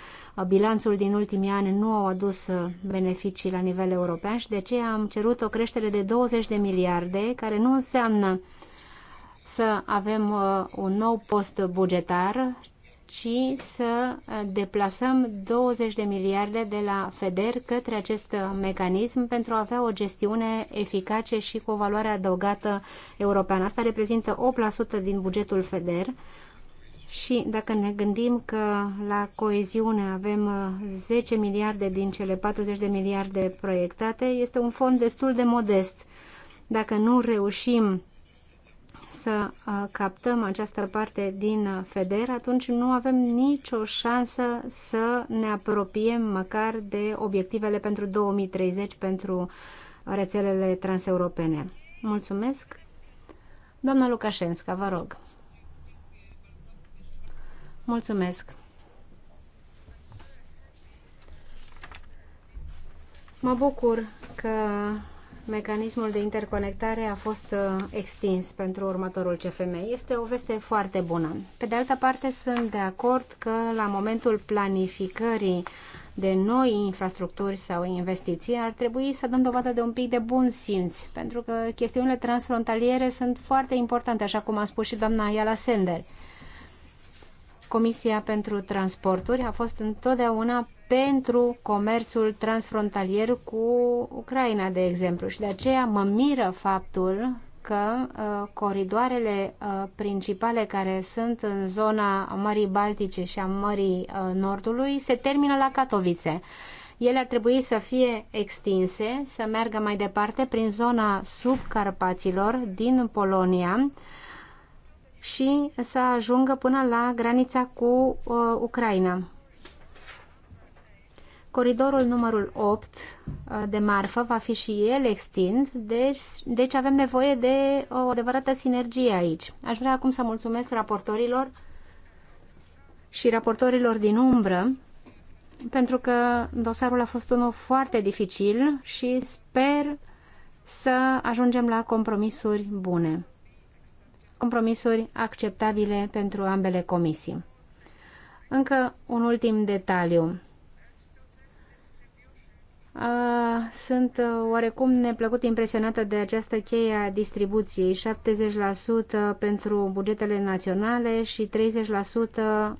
bilanțul din ultimii ani, nu au adus beneficii la nivel european și de aceea am cerut o creștere de 20 de miliarde, care nu înseamnă să avem un nou post bugetar, ci să eh, deplasăm 20 de miliarde de la FEDER către acest eh, mecanism pentru a avea o gestiune eficace și cu o valoare adăugată europeană. Asta reprezintă 8% din bugetul FEDER. Și dacă ne gândim că la coeziune avem 10 eh, miliarde din cele 40 de miliarde proiectate, este un fond destul de modest. Dacă nu reușim să uh, captăm această parte din uh, FEDER, atunci nu avem nicio șansă să ne apropiem măcar de obiectivele pentru 2030 pentru uh, rețelele transeuropene. Mulțumesc. Doamna Lucașensca, vă rog. Mulțumesc. Mă bucur că mecanismul de interconectare a fost uh, extins pentru următorul CFM. Este o veste foarte bună. Pe de altă parte, sunt de acord că la momentul planificării de noi infrastructuri sau investiții, ar trebui să dăm dovadă de un pic de bun simț, pentru că chestiunile transfrontaliere sunt foarte importante, așa cum a spus și doamna Ayala Sender. Comisia pentru Transporturi a fost întotdeauna pentru comerțul transfrontalier cu Ucraina, de exemplu. Și de aceea mă miră faptul că uh, coridoarele uh, principale care sunt în zona Mării Baltice și a Mării uh, Nordului se termină la Katowice. Ele ar trebui să fie extinse, să meargă mai departe prin zona subcarpaților din Polonia și să ajungă până la granița cu uh, Ucraina. Coridorul numărul 8 uh, de marfă va fi și el extind, deci, deci avem nevoie de o adevărată sinergie aici. Aș vrea acum să mulțumesc raportorilor și raportorilor din umbră, pentru că dosarul a fost unul foarte dificil și sper să ajungem la compromisuri bune, compromisuri acceptabile pentru ambele comisii. Încă un ultim detaliu sunt uh, oarecum neplăcut impresionată de această cheie a distribuției, 70% pentru bugetele naționale și 30%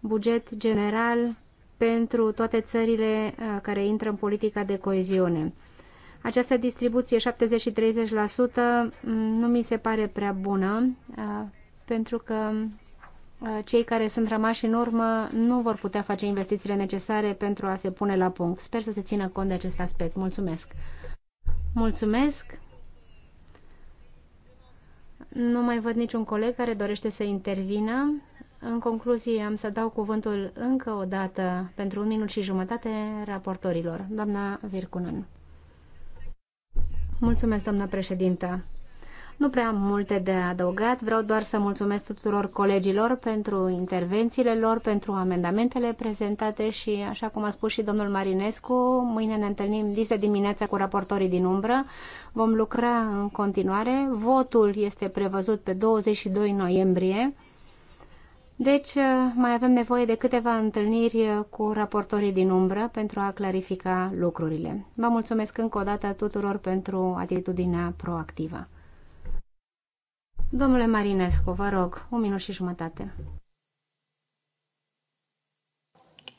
buget general pentru toate țările uh, care intră în politica de coeziune. Această distribuție 70 30% mm, nu mi se pare prea bună, uh, pentru că Uh, cei care sunt rămași în urmă nu vor putea face investițiile necesare pentru a se pune la punct. Sper să se țină cont de acest aspect. Mulțumesc! Mulțumesc! Nu mai văd niciun coleg care dorește să intervină. În concluzie, am să dau cuvântul încă o dată, pentru un minut și jumătate, raportorilor. Doamna Vircunan. Mulțumesc, doamna președintă. Nu prea am multe de adăugat, vreau doar să mulțumesc tuturor colegilor pentru intervențiile lor, pentru amendamentele prezentate și, așa cum a spus și domnul Marinescu, mâine ne întâlnim dis dimineața cu raportorii din umbră. Vom lucra în continuare. Votul este prevăzut pe 22 noiembrie. Deci, mai avem nevoie de câteva întâlniri cu raportorii din umbră pentru a clarifica lucrurile. Vă mulțumesc încă o dată tuturor pentru atitudinea proactivă. Domnule Marinescu, vă rog, un minut și jumătate.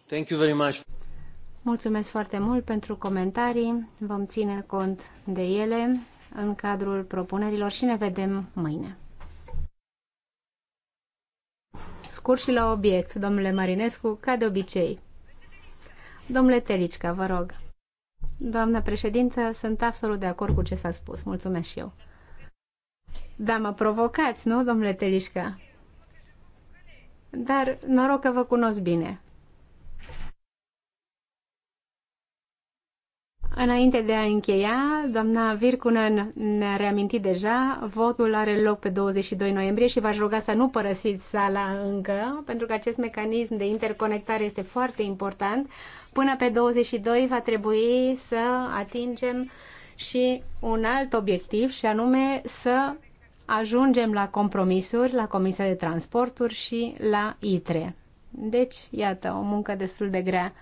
Thank you very much. Mulțumesc foarte mult pentru comentarii. Vom ține cont de ele în cadrul propunerilor și ne vedem mâine. Scurt și la obiect, domnule Marinescu, ca de obicei. Domnule Telicca, vă rog. Doamnă președintă, sunt absolut de acord cu ce s-a spus. Mulțumesc și eu. Da, mă provocați, nu, domnule Telișca? Dar noroc că vă cunosc bine. Înainte de a încheia, doamna Virkunen ne-a reamintit deja, votul are loc pe 22 noiembrie și v-aș ruga să nu părăsiți sala încă, pentru că acest mecanism de interconectare este foarte important. Până pe 22 va trebui să atingem și un alt obiectiv și anume să ajungem la compromisuri la Comisia de Transporturi și la ITRE. Deci, iată, o muncă destul de grea.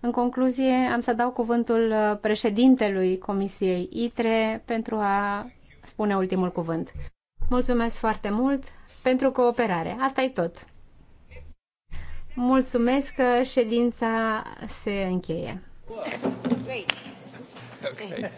În concluzie, am să dau cuvântul uh, președintelui Comisiei ITRE pentru a spune ultimul cuvânt. Mulțumesc foarte mult pentru cooperare. Asta e tot. Mulțumesc că ședința se încheie. Okay.